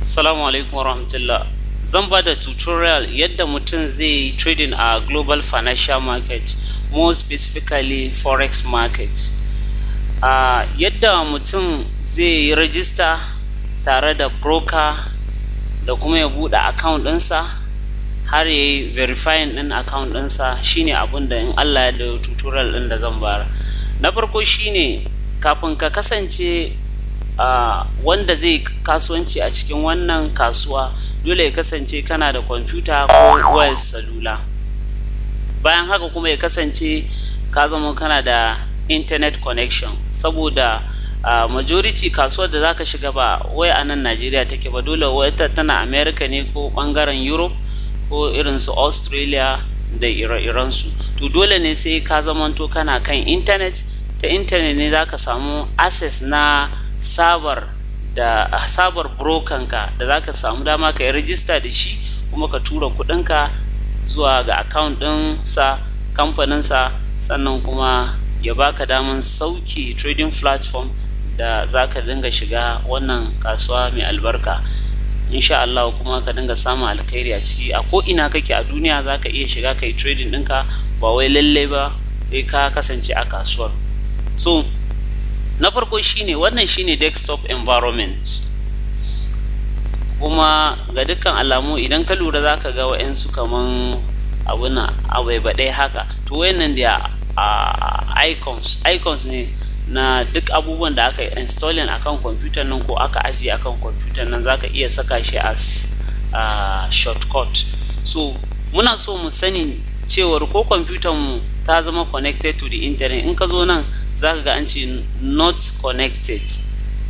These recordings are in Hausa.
Assalamu alaikum warahmatullah. Zan ba da tutorial yadda mutum zai yi trading a global financial market, more specifically forex market. Uh, yadda mutum zai yi rajista tare da broker da kuma ya buɗe account ɗinsa har ya yi verifying ɗin account ɗinsa shine abin da in Allah ya da tutorial ɗin da zan bara. Na farko shine kafin ka kasance wanda zai kasuwanci a cikin wannan kasuwa dole ya kasance kana da kwamfuta ko wayar salula bayan haka kuma ya kasance ka zama kana da internet connection saboda uh, majority kasuwar da zaka shiga ba wai a nan najeriya take ba dole wata tana america ne ko bangaren europe ko irin su australia da ire su to dole ne sai ka zamanto kana kan internet ta internet ne za ka samu access na sabar da ah, sabar ka da zaka samu dama ka yi rijista da shi kuma ka tura ka zuwa ga account kamfanin sa sannan kuma ya baka daman sauki trading platform da zaka dinga shiga wannan kasuwa mai albarka insha Allah kuma ka dinga samun alkhairi a ciki a ko ina kake a duniya zaka iya shiga kai trading ɗinka ba wai lalle ba sai ka kasance a kasuwar so na farko shine wannan shine desktop environment kuma ga dukkan alamu idan ka lura zaka ga wa'yansu kaman abai baɗai haka to wayannan da icons icons ne na duk abubuwan da aka installing akan computer nan ko aka ajiye akan computer nan zaka iya saka shi as a shortcut so muna so mu sani cewar ko kwamfutar mu ta zama connected to the internet in ka zo nan za ka ga an ce not connected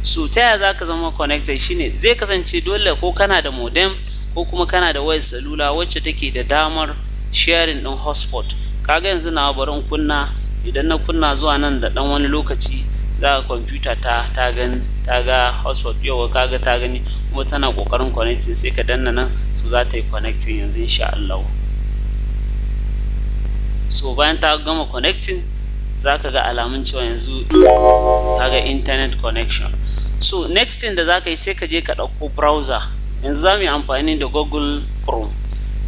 so ta yaya za ka zama connected shine zai kasance dole ko kana da modem ko kuma kana da wayar salula wacce take da damar sharing din hotspot kaga yanzu na barin kunna idan na kunna zuwa nan da dan wani lokaci za ka kwamfuta ta ta gani ta ga hotspot yau kaga ta gani kuma tana kokarin connecting sai ka danna nan su za ta yi connecting yanzu insha Allah so bayan ta gama connecting za ka ga alamun cewa yanzu ga internet connection so next thing da za ka yi sai ka je ka ɗauko browser yanzu za mu yi amfani da google chrome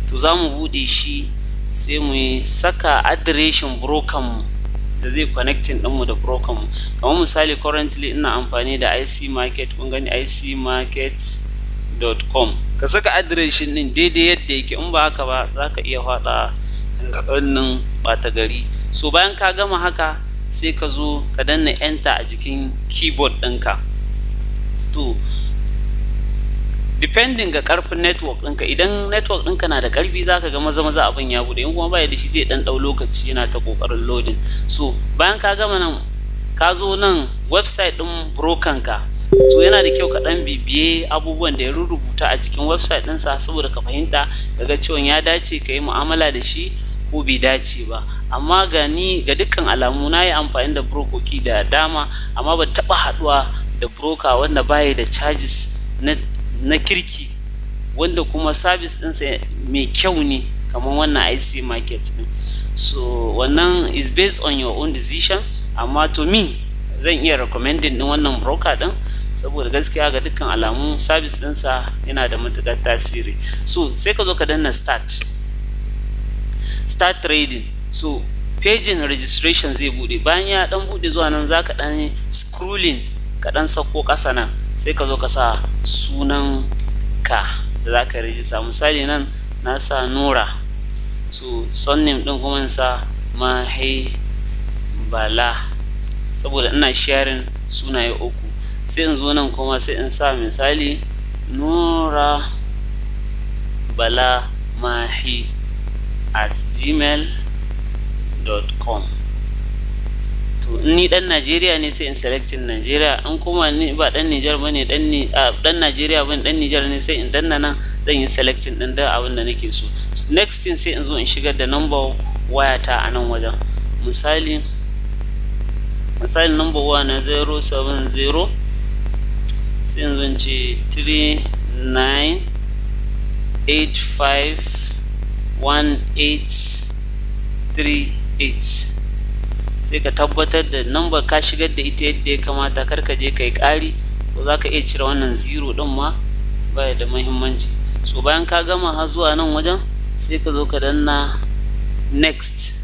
to za mu buɗe shi sai mu yi saka adireshin broker mu da zai connecting ɗinmu da brokan mu kamar misali currently ina amfani da ic market kun gani ic com. ka saka adireshin ɗin daidai yadda yake in ba haka ba za ka iya faɗa wannan ɓata gari so bayan ka gama haka sai ka zo ka danna enter a jikin keyboard ɗinka to depending ga karfin network ɗinka idan network ɗinka na da karfi za ka ga maza maza abin ya bude in kuma baya da shi zai dan ɗau lokaci yana ta kokarin loading so bayan ka gama nan ka zo nan website ɗin broken ka so yana da kyau ka dan bibiye abubuwan da ya rubuta a jikin website ɗinsa saboda ka fahimta kaga cewa ya dace ka yi mu'amala da shi ko bai dace ba amma ga ni ga dukkan alamu na yi amfani da brokoki da dama amma ban taba haɗuwa da broka wanda baya da charges na, na kirki wanda kuma sabis ɗinsa mai kyau ne kamar wannan IC market ɗin so wannan is based on your own decision amma to me zan iya recommending din wannan broker din saboda gaskiya ga dukkan alamu service dinsa yana da matuƙar tasiri so sai ka zo ka danna start start trading so page registration zai bude bayan ya dan bude zuwa nan za ka dan scrolling ka dan sako kasa nan sai ka zo ka sa sunan ka da zaka ka misali nan na sa nura so name din kuma sa mahai bala saboda ina sharing sunaye uku sai in zo nan kuma sai in sa misali nura bala mahi at gmail.com to ni dan najeriya ne sai in selectin najeriya in kuma ni ba dan nijar ba ne dan najeriya ba dan nijar ne sai in danna nan zan yi selectin din da abin da nake so next thing sai in zo in shigar da number wayata a nan wajen misali misali number waya na 070 sai in zo in ce 3985 1838 sai ka tabbatar da number ka shigar da ita yadda ya kamata karka je ka yi ƙari ko za ka iya cire wannan zero ɗin ma baya da muhimmanci so bayan ka gama har zuwa nan wajen sai ka zo ka danna next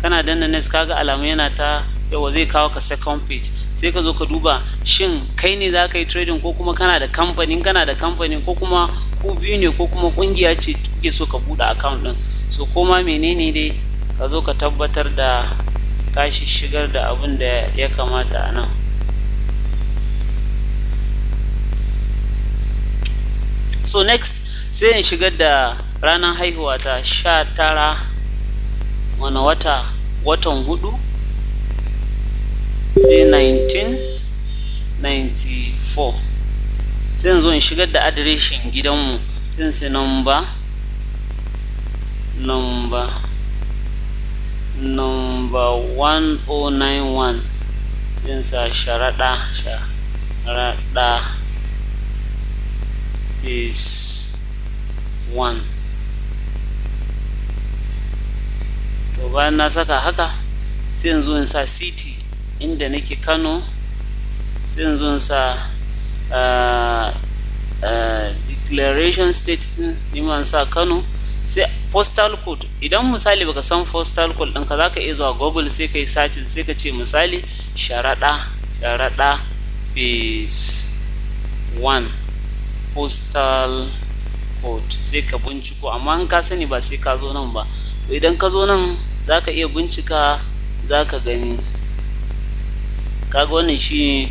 kana danna next kaga alamu yana ta yawa zai kawo ka second page sai ka zo ka duba shin kai ne za ka yi trading ko kuma kana da kamfanin kana da kamfanin ko kuma ku biyu ne ko kuma kungiya ce kuke so ka buɗe account ɗin so koma menene dai ka zo ka tabbatar da ka shigar da abin da ya kamata a nan so next sai in shigar da ranar haihuwa ta sha tara wani wata watan hudu sai 1994 sai zo in shigar da adireshin gidanmu sai number number number 1091 sai sa sharaɗa sharaɗa is 1 to bayan na saka haka sai yanzu in sa city inda nake kano sai yanzu zo sa ah, ah, declaration state neman sa kano sai postal code idan misali baka san postal code ɗinka za ka iya zuwa google sai ka yi sai ka ce misali sharaɗa sharaɗa phase 1 postal code sai ka binciko amma in ka sani ba sai ka zo nan ba idan ka zo nan za iya bincika zaka gani kaga wannan shi ne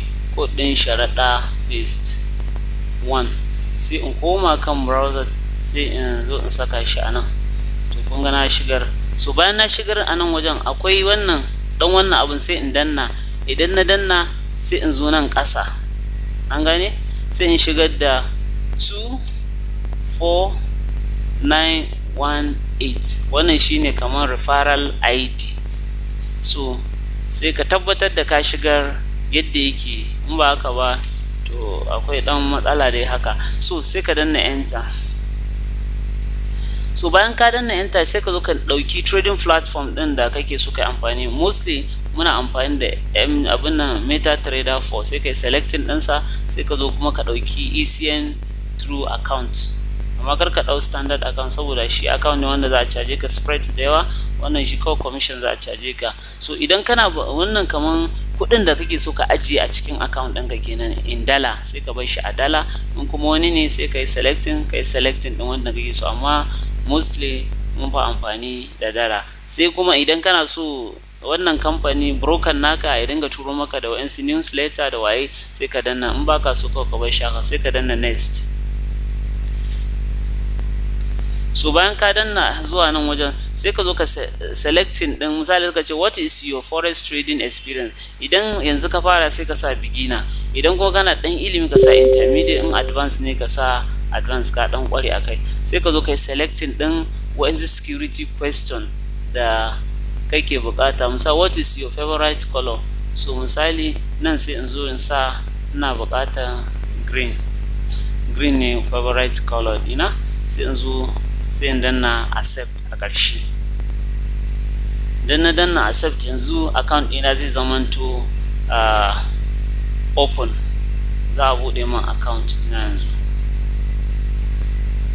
din sharaɗa paste one sai in koma kan browser sai in zo in saka shi a nan to kun ga na shigar so bayan na shigar a nan wajen akwai wannan dan wannan abin sai in danna idan na danna sai in zo nan ƙasa an gane sai in shigar da 2 wannan shine kamar referral id so sai ka tabbatar da ka shigar yadda yake in ba haka ba to akwai dan matsala dai haka so sai ka danna enter so bayan ka danna enter sai ka zo ka dauki trading platform din da kake so kai amfani mostly muna amfani da abin nan meta trader 4 sai kai selecting ɗinsa sai ka zo kuma ka dauki ecn through account amma kar ka ɗau standard account saboda shi account ne wanda za a caje ka spread da yawa wannan shi kawai commission za a caje ka so idan kana wannan kaman kuɗin da kake so ka ajiye a cikin account ka kenan in dala sai ka bar shi a dala in kuma wani ne sai ka yi selecting ka yi selecting ɗin wanda kake so amma mostly mun fi amfani da dala sai kuma idan kana so wannan kamfani broker naka ya dinga turo maka da wa'yansu newsletter da waye sai ka danna in baka so ka bar shi haka sai ka danna next so bayan ka danna zuwa nan wajen sai ka zo ka selecting din misali ka ce what is your forest trading experience idan yanzu ka fara sai ka sa beginner idan ko kana dan ilimi ka sa intermediate in advanced ne ka sa advanced, ka dan kware akai sai ka zo ka selecting din is security question da kai ke bukata misali what is your favorite color so misali nan sai in zo in sa ina bukata green green ne favorite color ina sai in zo sai in danna accept a ƙarshe idan na danna accept yanzu account ɗina zai zamanto uh, open za a buɗe min account na yanzu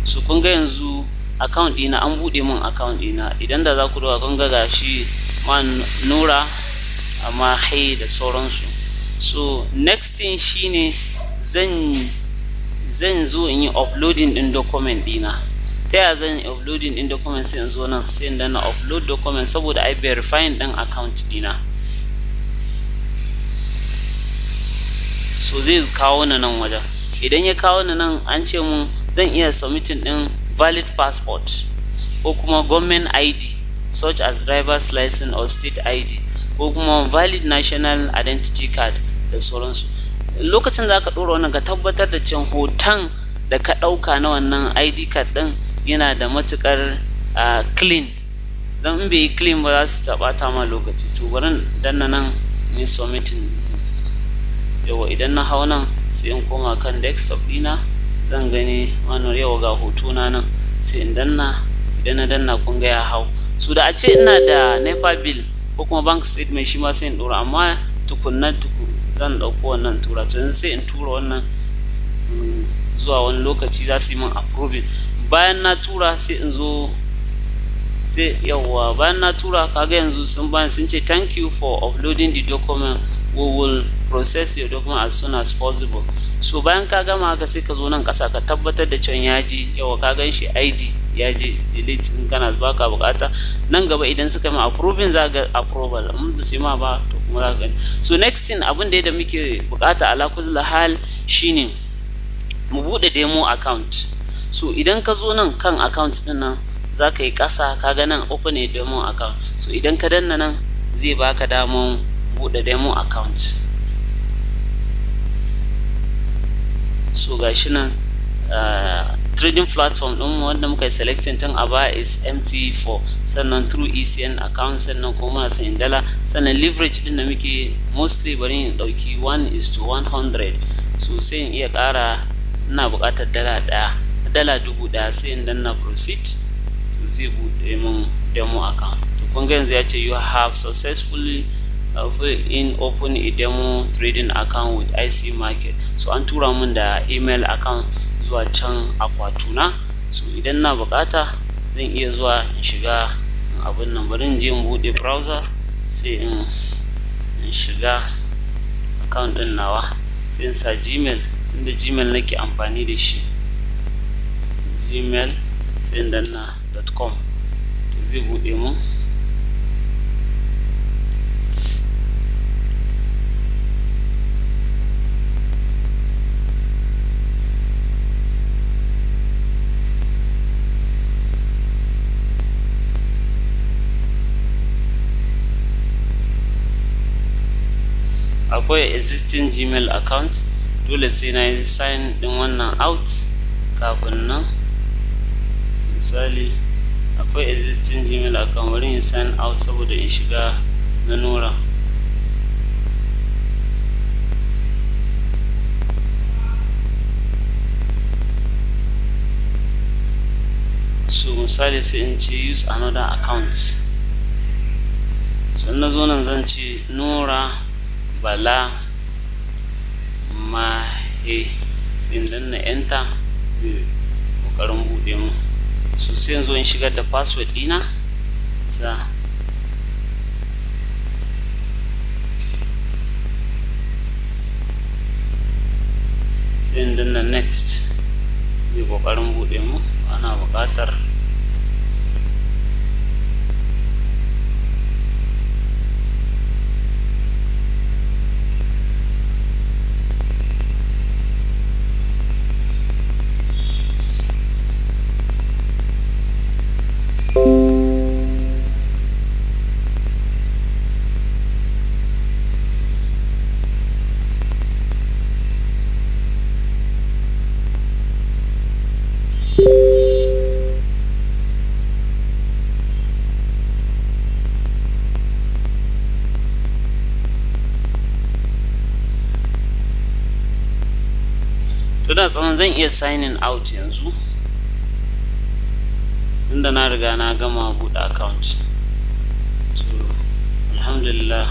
su kun ga yanzu account ɗina an buɗe min account ɗina idan da za ku dawa kun ga gashi man nura amma hai da sauransu so next thing shine zan zan zo in yi uploading ɗin document ɗina ta yaya zan uploading in document sai in zo nan sai in danna upload document saboda ai verifying din account dina so zai kawo na nan wajen idan ya kawo na nan an ce mun zan iya submitting din valid passport ko kuma government id such as driver's license or state id ko kuma valid national identity card da sauransu lokacin za ka ɗora wannan ka tabbatar da can hoton da ka ɗauka na wannan id card ɗin yana da matuƙar clean don in bai yi clean ba za su taɓa ta ma lokaci to bari danna nan ni submitting yawa idan na hau nan sai in koma kan desktop dina zan gani manuwar yawa ga na nan sai in danna idan na danna kun ga ya hau su da a ce ina da nepa bill ko kuma bank statement shi ma sai in ɗora amma tukunna tukun zan ɗauko wannan tura to yanzu sai in tura wannan mm, zuwa wani lokaci za su yi min approving bayan na tura sai in zo sai yawwa bayan na tura kaga yanzu sun bani sun ce thank you for uploading the document we will process your document as soon as possible so bayan ka gama haka sai ka zo nan ƙasa ka tabbatar da can yaji yawa ka gan shi id ya je delete in kana baka bukata nan gaba idan suka ma approving za ga approval in da su ma ba to kuma za ka gani so next thing abin da da muke bukata ala kullu hal shine mu bude demo account so idan ka zo nan kan account din nan za ka yi ƙasa ga nan open a demo account so idan ka danna nan zai baka damar buɗe demo account so gashi nan uh, trading platform ɗin wanda muka yi selecting tun a ba is mt4 sannan through ecn account sannan kuma muna in dala sannan leverage ɗin da muke mostly bari in ɗauki 1 is to 100 so sai in iya ƙara ina buƙatar dala ɗaya dala dubu ɗaya sai in danna proceed to zai bude mun demo account to kun ga yanzu ya ce you have successfully uh, in open a demo trading account with IC market so an tura mun da email account zuwa can akwatuna so idan na bukata zan iya zuwa in shiga abin nan bari in je in buɗe browser sai in shiga account ɗin nawa sai in sa gmail inda gmail nake amfani da shi gmail sai dot com to zai buɗe mu akwai existing gmail account dole sai na yi sign din wannan out kafin nan misali akwai existing gmail account wurin in sign out saboda in shiga na nura so misali sai in ce use another account so na zo nan zan ce nura bala mahe sai in danna enter kokarin buɗe mu so sai yanzu in shigar da password dina za sai in na next zai kokarin bude mu ana bukatar. da tsawon zan iya signing out yanzu tunda na riga na gama buɗe account to alhamdulillah